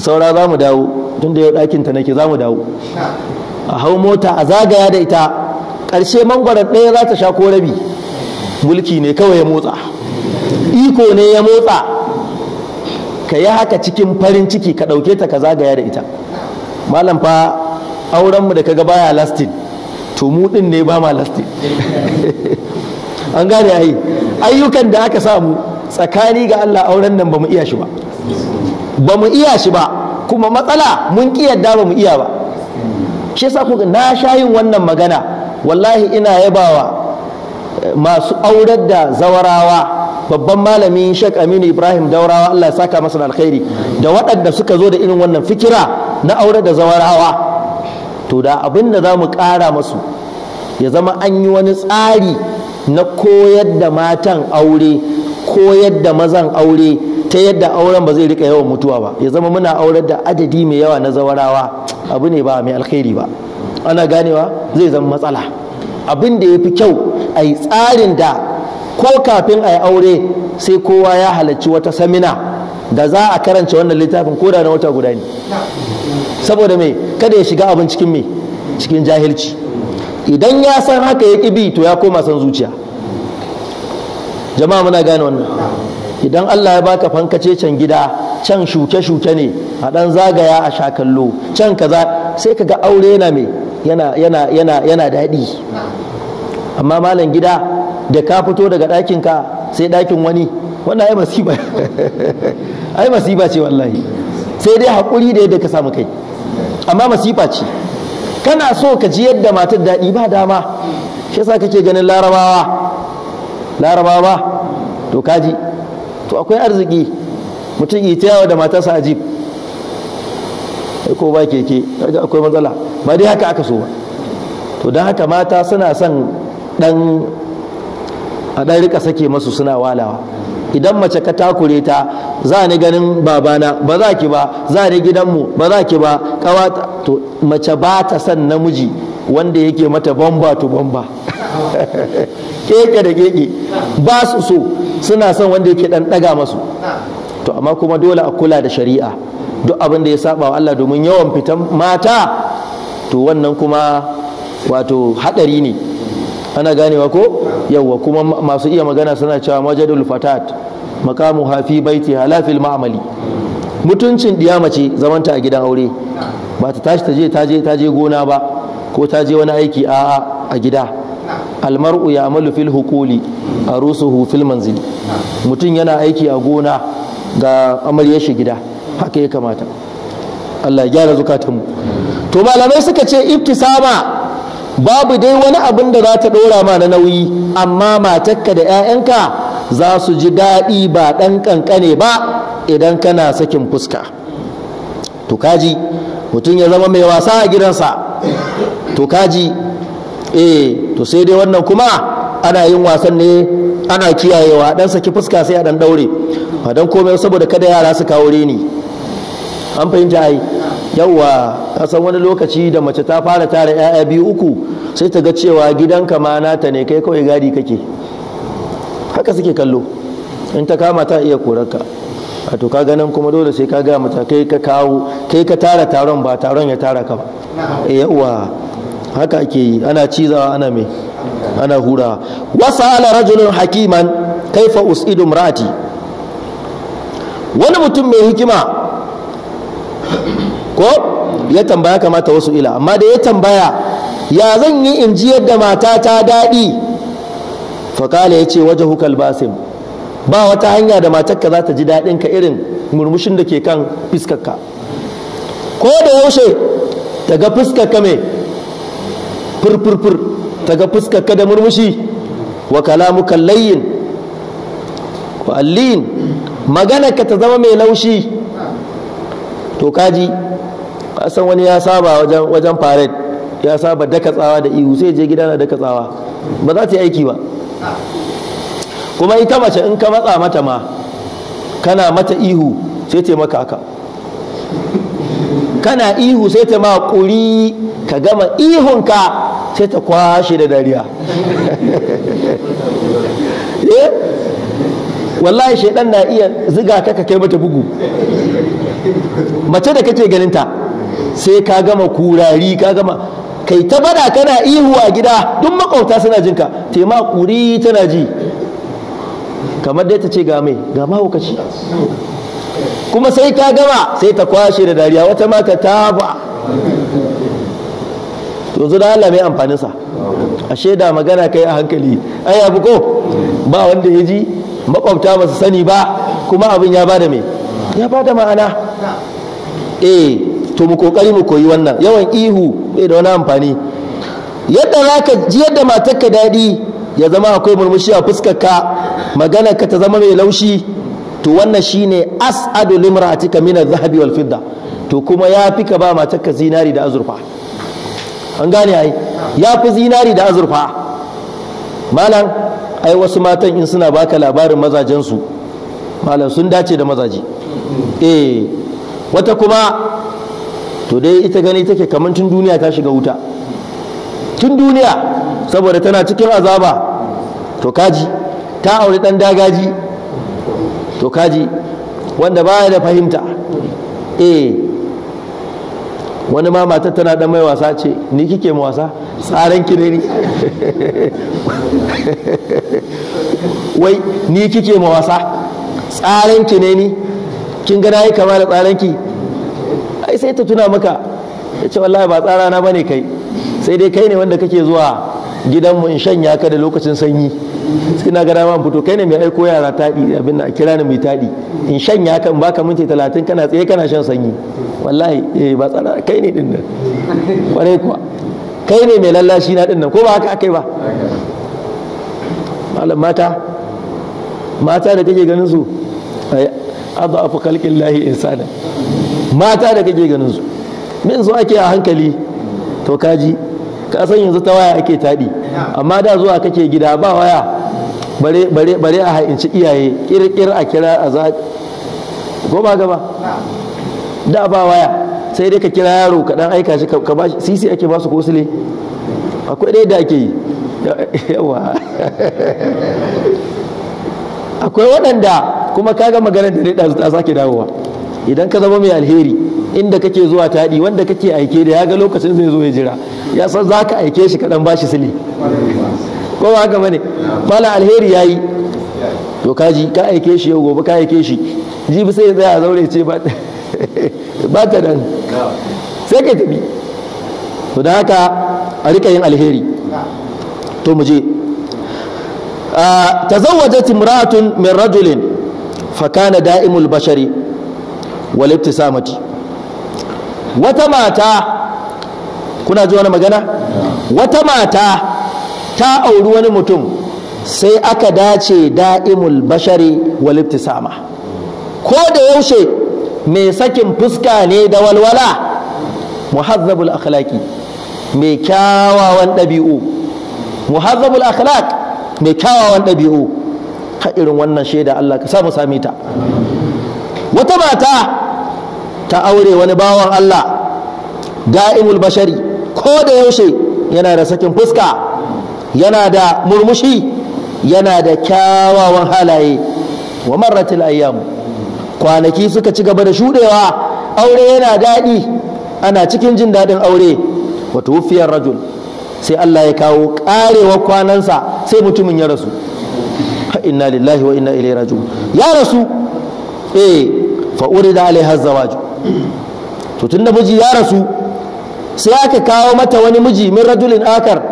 saura za mu dawo tun da yau ɗakin ta nake za mu dawo a hau mota a zagaya da ita ƙarshe mangwaron ɗaya za ta sha ko rabi mulki ne kawai ya motsa iko ne ya motsa ka yi haka cikin farin ciki ka ɗauke ta ka zagaya da ita malam fa aurenmu da kaga baya lastin to mu ɗin ne ba ma lastin an gane ayi. ayyukan da aka samu tsakani ga Allah auren nan ba mu iya shi ba ba mu iya shi ba kuma matsala mun ƙi yadda ba mu iya ba shi sa kuka na sha yin wannan magana wallahi ina yabawa eh, masu aurar da zawarawa babban malami shek Aminu Ibrahim Daurawa Allah ya saka masa alkhairi da waɗanda suka zo da irin wannan fikira na aurar da zawarawa to da abin da za mu ƙara masu ya zama an yi wani tsari na koyar da matan aure koyar da mazan aure ta yadda auren ba zai rika yawan mutuwa ba ya zama muna aurar da adadi mai yawa na zawarawa abu ne ba mai alkhairi ba ana ganewa zai zama matsala abin da ya fi kyau a yi tsarin da ko kafin a yi aure sai kowa ya halarci wata samina da za a karanta wannan littafin ko da na wata guda ne saboda me kada ya shiga abin cikin me cikin jahilci idan ya san haka ya ƙi bi to ya koma san zuciya jama'a muna gane wannan idan Allah ya baka fankace can gida can shuke-shuke ne a ɗan zagaya a sha kallo can kaza sai ka ga aure yana mai yana daɗi amma malam gida da ka fito daga ɗakinka sai ɗakin wani wannan ai masifa ai masiba ce wallahi sai dai haƙuri da yadda ka samu kai amma masifa ce kana so ka ji yadda matar daɗi ba dama shi yasa kake ganin larabawa larabawa to kaji to akwai arziki mutum yi ta yawa da matarsa a jib ko ba keke akwai matsala ba dai haka aka so ba to don haka mata suna son dan a dan rika sake masu suna walawa idan mace ka takure ta za ni ganin babana ba za ki ba za ni gidanmu ba za ki ba kawata to mace ba ta son namiji wanda yake mata bamba to bamba keke da keke ba su so suna son wanda yake dan daga masu to amma kuma dole a kula da shari'a duk abin da ya saba wa Allah domin yawan fitan mata to wannan kuma wato hadari ne ana ganewa ko yawwa kuma masu iya magana suna cewa majadul fatat makamu hafi baiti halafil ma'amali mutuncin mace zamanta a gidan aure ba ta tashi ta je ta je gona ba ko ta je wani aiki a a gida almar'u ya amalu fil hukuli a rusuhu fil manzili mutum yana aiki a gona ga amaryar gida haka ya kamata Allah gyara zukatanmu to malamai suka ce ibtisama babu dai wani abin da za ta ɗora ma na nauyi amma matakka da 'ya'yanka za su ji daɗi ba ɗan ƙanƙane ba idan kana sakin fuska to kaji mutum ya zama mai wasa a gidansa to kaji eh to sai dai wannan kuma ana yin wasan ne ana kiyayewa dan saki fuska sai a dan daure ba dan komai saboda kada yara su kawo reni an fahimta ai yawwa san wani lokaci da mace ta fara tara yaya biyu uku sai ta ga cewa ka ma nata ne kai kawai gadi kake haka suke kallo in ta kama ta iya korarka a to ka ganin kuma dole sai ka gaya mata kai ka kawo kai ka tara taron ba taron ya tara ka ba eh, yawa haka ake yi ana cizawa ana mai ana hura wasala rajulun hakiman kaifa usidu rati. wani mutum mai hikima ko ya tambaya kamata wasu ila amma da ya tambaya ya zan yi in ji yadda mata ta daɗi fakala ya ce waje hukal basim ba wata hanya da matarka za ta ji daɗinka irin murmushin da ke kan fiskarka ko da yaushe ta ga fuskarka mai furfurfur ta ga fuskar ka da murmushi wa kalamu layyin wa allin magana ka ta zama mai laushi to kaji kasan wani ya saba wajen wajen ya saba daka tsawa da ihu sai je gida na daka tsawa ba za ta yi aiki ba kuma ita mace in ka matsa mata ma kana mata ihu sai ta maka haka kana ihu sai ta ma kuri ka gama ihunka sai ta kwashe da dariya eh? wallahi shaidan na iya ziga ta ka kai mata bugu mace da kake ganinta sai ka gama kurari ka gama kai ta bada kana ihu a gida duk makwabta suna jinka tema kuri tana ji kamar dai ta ce ga mai ga mahaukaci kuma sai ka gama sai ta kwashe da dariya wata mata ta ba. yanzu da Allah mai amfanin sa ashe da magana kai a hankali ai abu ko ba wanda ya ji makwabta ba su sani ba kuma abin ya bada me ya bada ma'ana eh to mu kokari mu koyi wannan yawan ihu bai da wani amfani yadda za ka ji yadda matarka daɗi ya zama akwai murmushi a fuskarka magana ka ta zama mai laushi to wannan shine as'adu limra'atika min adh-dhahabi wal fidda to kuma ya fi ka ba matarka zinari da azurfa an gane ai ya fi zinari da azurfa malam ai wasu matan in suna baka labarin mazajensu malam sun dace da mazaje eh wata kuma to dai ita gani take kamar tun duniya ta shiga wuta tun duniya saboda tana cikin azaba to kaji ta auri dan dagaji to kaji wanda baya da fahimta eh wani ma matar tana dan mai wasa ce ni kike mu wasa tsaran ki ne ni wai ni kike mu wasa tsaran ki ne ni kin ga nayi kama da tsaran ki ai sai ta tuna maka Ya ce wallahi ba tsara na bane kai sai dai kai ne wanda kake zuwa gidanmu in shanya ka da lokacin sanyi sai na ga dama fito kai ne mai aiko yara taɗi abin a kira ni mai taɗi in shanya ka in baka minti talatin kana tsaye kana shan sanyi wallahi eh ba tsara kai ne din nan kwarai kuwa kai ne mai lallashi na din nan ko ba haka akai ba malam mata mata da kake ganin su adhafu khalqillahi insana mata da kake ganin su min su ake a hankali to kaji ka san yanzu ta waya ake taɗi amma da zuwa kake gida ba waya bare a haƙinci iyaye ƙirƙir a kira a za ko ba gaba da ba waya sai dai ka kira yaro ka dan aika shi ka ba shi sisi ake ba su ko sule akwai ɗaya da ake yi yawa akwai waɗanda kuma ka gama maganar da ne ta sake dawowa idan ka zama mai alheri inda kake zuwa taɗi wanda kake aike da ya ga lokacin zai zo ya jira ya san za ka aike shi kaɗan ba shi sile ko ba haka bane mala alheri yayi to kaji ka aike shi yau gobe ka aike shi Ji bi sai ya a zaure ce ba ta nan sai ka tafi to da haka a rika yin alheri to mu je tazawwajat imra'atun min rajulin fa kana da'imul bashari wal ibtisamati wata mata kuna ji wani magana wata mata ta auri wani mutum sai aka dace da'imul bashari wal sama. ko da yaushe mai sakin fuska ne da walwala muhazzabul akhlaqi mai kyawawan ɗabi'u muhazzabul akhlaq mai kyawawan ɗabi'u ka irin wannan shaida Allah ka samu sami ta wata mata ta aure wani bawan Allah da'imul bashari ko da yaushe yana da sakin fuska yana da murmushi yana da kyawawan halaye wa marratil ayyam kwanaki suka ci gaba da shudewa aure yana daɗi ana cikin jin daɗin aure wa tuwfiyar rajul sai Allah ya kawo ƙarewar kwanansa sai mutumin ya rasu inna lillahi wa inna ilaihi raji'un ya rasu eh fa urida alaiha zawaj to tunda miji ya rasu sai aka kawo mata wani miji min rajulin akar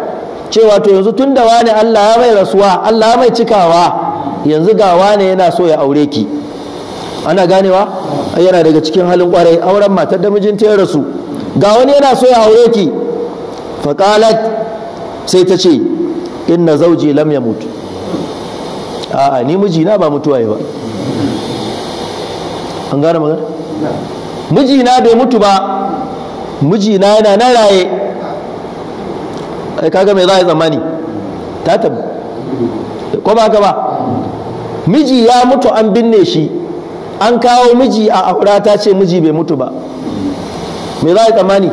cewa to yanzu tun da wane Allah ya mai rasuwa Allah ya mai cikawa yanzu ga wane yana so ya aure ki ana ganewa yana daga cikin halin kwarai auren matar da mijinta ya rasu ga wani yana so ya aure ki faqalat sai ta ce inna zawji lam yamut a'a ni mijina ba mutuwa ba an gane magana mijina bai mutu ba mijina yana na raye ai kaga mai za a yi zamani ta tabu ko ba ka ba miji ya mutu an binne shi an kawo miji a aura ta ce miji bai mutu ba me za a yi tsammani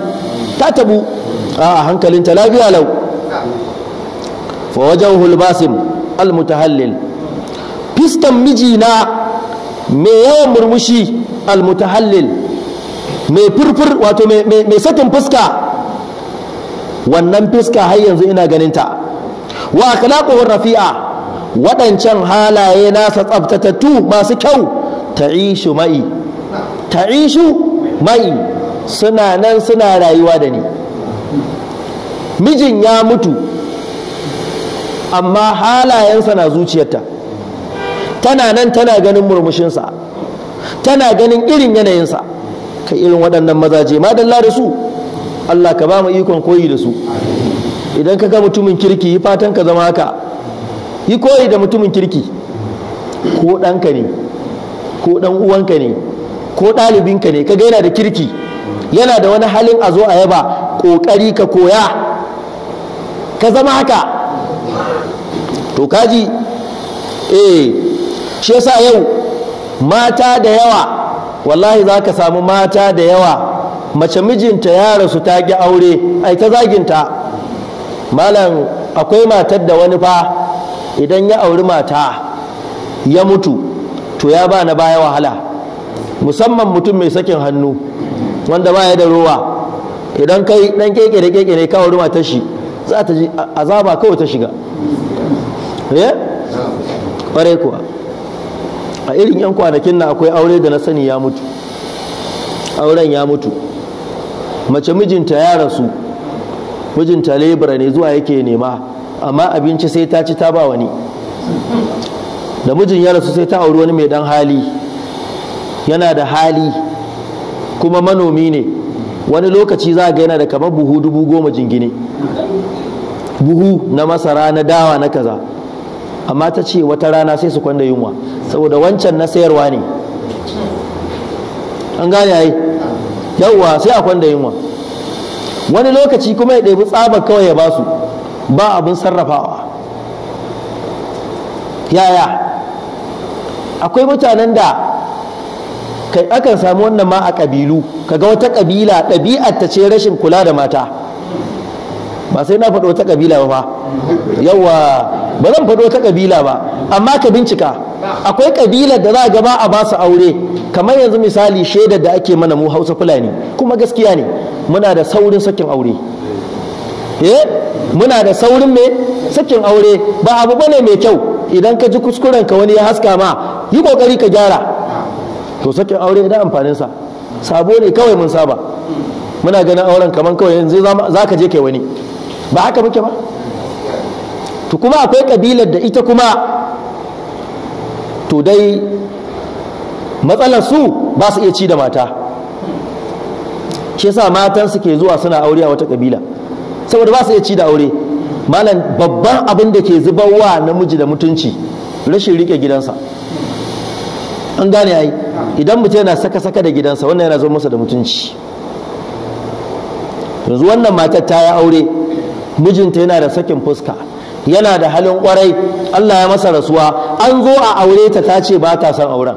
ta tabu a hankalinta lafiya lau fa wajen almutahallil Fistan miji na mai yawan murmushi almutahallil mai furfur wato mai satin fuska wannan fiska har yanzu ina ganin ta wa akhlaquhu rafi'a waɗancan halaye nasa tsaftatattu masu kyau ta'ishu ma'i ta'ishu ma'i suna nan suna rayuwa da ni mijin ya mutu amma halayensa na zuciyarta tana nan tana ganin murmushinsa tana ganin irin yanayinsa kai irin waɗannan mazaje madalla da su Allah ka ba mu ikon koyi da su idan ka ga mutumin kirki yi fatan ka zama haka yi koyi da mutumin kirki ko ɗanka ne ko ɗan uwanka ne ko ɗalibinka ne ka ga yana da kirki yana da wani halin a zo a yaba ƙoƙari ka koya ka zama haka to kaji eh shi yasa yau mata da yawa wallahi za ka samu mata da yawa mace mijinta ya rasu ta ki aure ai ta zaginta malam akwai matar da wani fa idan ya auri mata ya mutu to ya ba na baya wahala musamman mutum mai sakin hannu wanda baya da ruwa idan kai dan keke da keke ne ka auri matar shi za ta ji azaba kawai ta shiga eh kware kuwa a irin yan kwanakin nan akwai aure da na sani ya mutu auren ya mutu mace mijinta ya rasu mijinta lebura ne zuwa yake nema amma abinci sai ta ci ta ba wani da mijin ya rasu sai ta auri wani mai dan hali yana da hali kuma manomi ne wani lokaci za ga yana da kamar buhu dubu goma jingine buhu na masara na dawa na kaza amma ta ce wata rana sai su kwanda yunwa saboda wancan na sayarwa ne an gane ai yawwa sai akwai da yunwa wani lokaci kuma ya ɗebi tsabar kawai ya basu ba abin sarrafawa yaya akwai mutanen da kai akan samu wannan ma a ƙabilu kaga wata ƙabila ɗabi'ar ta ce rashin kula da mata ba sai na faɗo wata ƙabila ba yawwa ba zan faɗo wata ƙabila ba amma ka bincika akwai kabila da za a gaba a ba su aure kamar yanzu misali shaidar da ake mana mu hausa fulani kuma gaskiya ne muna da saurin sakin aure eh, muna da saurin me sakin aure ba abu bane mai kyau idan ka ji kuskuren ka wani ya haska ma yi kokari ka gyara to sakin aure idan amfanin sa sabo ne kawai mun saba muna ganin auren kamar kawai yanzu za ka je kai wani ba haka muke ba to kuma akwai kabilar da ita kuma to dai matsalar su ba su iya ci da mata shi yasa matan su ke zuwa suna aure a wata kabila saboda ba su iya ci da aure malam babban abin da ke zubarwa namiji da mutunci rashin rike gidansa an gane ai idan mutum yana saka-saka da gidansa wannan yana zo masa da mutunci yanzu wannan matar ta yi aure mijinta yana da sakin fuska yana da halin kwarai Allah ya masa rasuwa an zo a aure ta ta ce ba ta son auren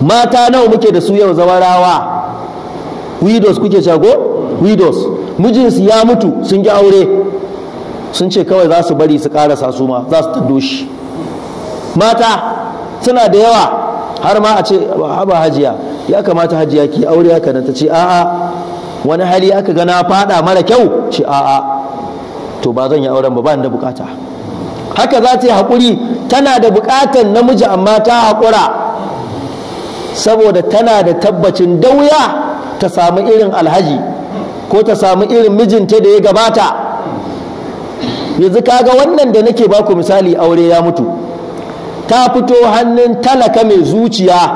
mata nawa muke da su yau zawarawa widows kuke shago widows mijinsu ya mutu sun ji aure sun ce kawai za su bari su karasa su ma za su taddo shi mata suna da yawa har ma a ce haba hajiya ya kamata hajiya ki aure haka nan ta ce a'a wani hali aka ga na fada mara kyau ce a'a to ba zan yi auren ba ba da bukata haka za ta yi haƙuri tana da buƙatar namiji amma ta haƙura saboda tana da tabbacin dauya ta samu irin alhaji ko ta samu irin mijinta da ya gabata yanzu kaga wannan da nake baku misali aure ya mutu ta fito hannun talaka mai zuciya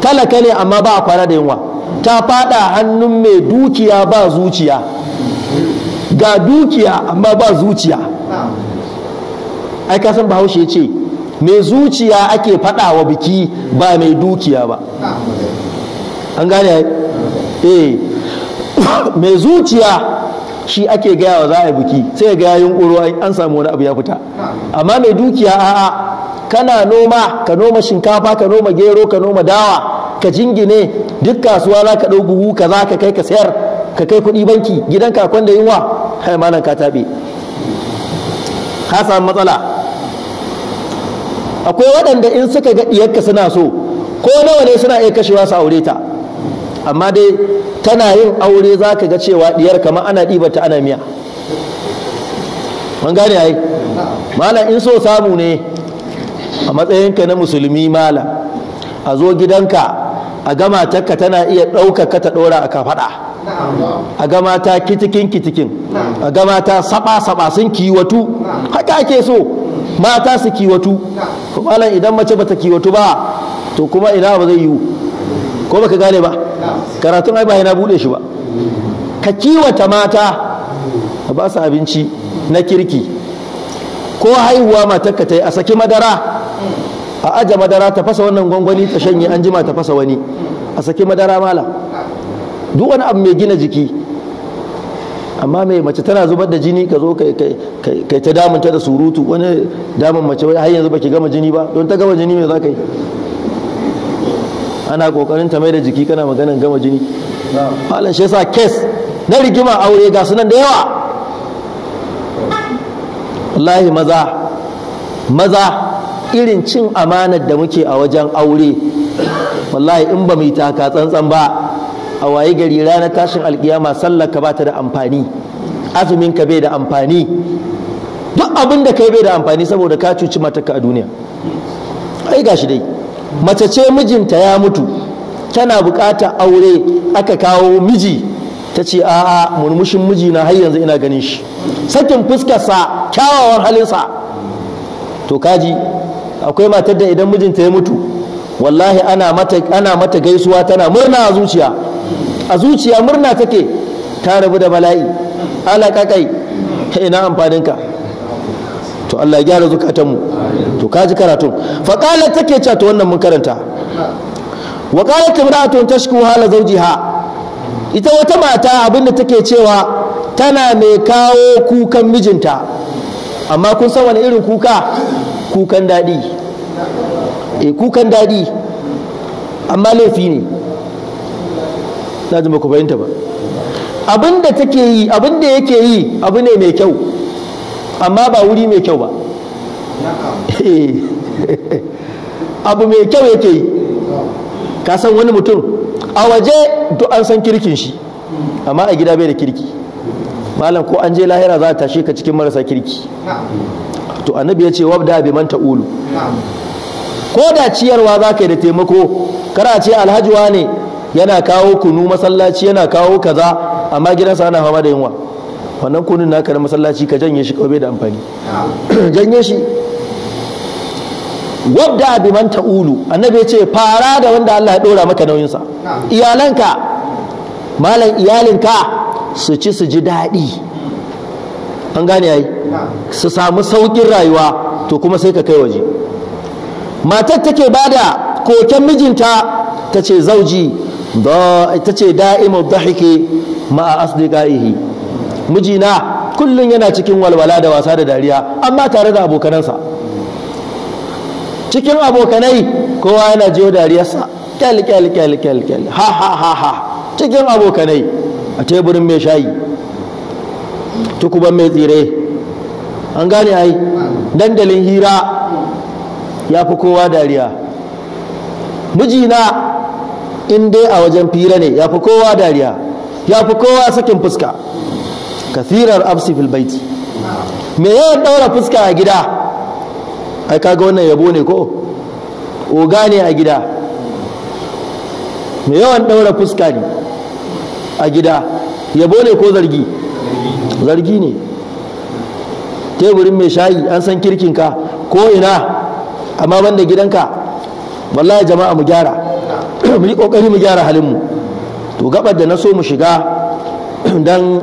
talaka ne amma ba a kwana da yunwa ta fada hannun mai dukiya ba zuciya ga dukiya amma ba zuciya ai ka san bahaushe ya ce mai zuciya ake faɗa wa biki ba mai dukiya ba an gane eh mai zuciya shi ake gaya wa za a yi biki sai ya gaya yunƙuro an samu wani abu ya fita amma mai dukiya a'a kana noma ka noma shinkafa ka noma gero ka noma dawa ka jingine duk kasuwa za ka ɗau buhu za ka kai ka sayar ka kai kuɗi banki gidan kakon da yunwa hai malam ka taɓe ka samu matsala akwai waɗanda in suka ga ɗiyarka suna so ko nawa ne suna iya kashewa su aure ta amma dai tana yin aure za ka ga cewa ɗiyarka kama ana ɗibata ana miya mun gane ai malam in so samu ne a matsayinka na musulmi malam a zo gidanka a gama takka tana iya ɗaukaka ta ɗora a kafaɗa a gama ta kitikin kitikin a gama ta saba saba sun kiwatu haka ake so mata su kiwatu ko malam idan mace bata kiwatu ba to kuma ina ba zai yiwu ko baka gane ba karatun ai ba yana bude shi ba ka kiwata mata a ba su abinci na kirki ko haihuwa ka ta yi a saki madara a aje madara ta fasa wannan gwangwani ta shanye an jima ta fasa wani a saki madara mala duk wani abu mai gina jiki amma mai mace tana zubar da jini ka zo kai ta damunta da surutu wani damun mace wai har yanzu baki gama jini ba don ta gama jini me za ka yi ana kokarin ta mai da jiki kana maganan gama jini halin shi yasa kes na rigima aure ga sunan da yawa wallahi maza maza irin cin amanar da muke a wajen aure wallahi in ba mu yi taka tsantsan ba a waye gari ranar tashin alkiyama sallar ka bata da amfani azumin ka bai da amfani duk abin da kai bai da amfani saboda ka cuci matarka a duniya ai gashi dai mace ce mijinta ya mutu tana bukata aure aka kawo miji ta ce a'a murmushin miji na har yanzu ina ganin shi sakin fuskarsa kyawawan halin sa to kaji akwai matar da idan mijinta ya mutu wallahi ana mata mata gaisuwa tana murna a zuciya a zuciya murna take ta rabu da bala'i alaka kai ina amfaninka to Allah ya gyara zukatanmu to kaji karatun kala take cewa to wannan mun karanta wa qalat imra'atun tashku hala zawjiha ita wata mata abin da take cewa tana mai kawo kukan mijinta amma kun san wani irin kuka kukan daɗi eh kukan daɗi amma laifi ne na ba ku fahimta ba abin da take yi abin da yake yi abu ne mai kyau amma ba wuri mai kyau ba eh. abu mai kyau yake yi ka san wani mutum a waje duk an san kirkin shi amma a gida bai da kirki malam ko an je lahira za a tashi ka cikin marasa kirki to annabi ya ce wabda bi man ta'ulu ko da ciyarwa za ka yi da taimako kar a ce alhaji ne yana kawo kunu masallaci yana kawo kaza amma gidansa ana fama da yunwa wannan kunun naka na masallaci ka janye shi kawai da amfani janye shi wadda bi man ta'ulu annabi ya ce fara da wanda Allah ya dora maka nauyinsa iyalanka malam iyalinka su ci su ji daɗi an gane yayi su samu sauƙin rayuwa to kuma sai ka kai waje matar take bada koken mijinta ta ce zauji ita ce da'imu dhahiki ma'a asdiqaihi mijina kullum yana cikin walwala da wasa da dariya amma tare da abokanansa cikin abokanai kowa yana jiyo dariyarsa kyal kyal kyal kyal kyal ha ha ha ha cikin abokanai a teburin mai shayi tukuban mai tsire an gane ai dandalin hira ya fi kowa dariya mijina in dai a wajen fira ne ya fi kowa dariya ya fi kowa sakin fuska kathirar absi fil baiti me ya daura fuska a gida ai kaga wannan yabo ne ko oga ne a gida me yawan daura fuska ne a gida yabo ne ko zargi zargi ne teburin mai shayi an san kirkinka ko ina amma banda gidanka wallahi jama'a mu gyara mu yi kokari mu gyara halin mu to gabar da na so mu shiga dan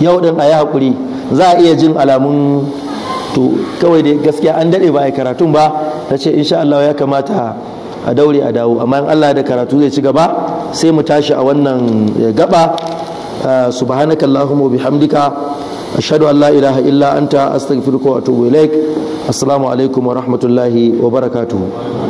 yau din a yi hakuri za a iya jin alamun to kawai da gaskiya an daɗe ba a yi karatun ba ta ce insha Allah ya kamata a daure a dawo amma in Allah da karatu zai ci gaba sai mu tashi a wannan eh, gaba ah, subhanaka allahumma bihamdika ashhadu an la ilaha illa anta astaghfiruka wa atubu ilaik assalamu alaikum wa rahmatullahi wa barakatuh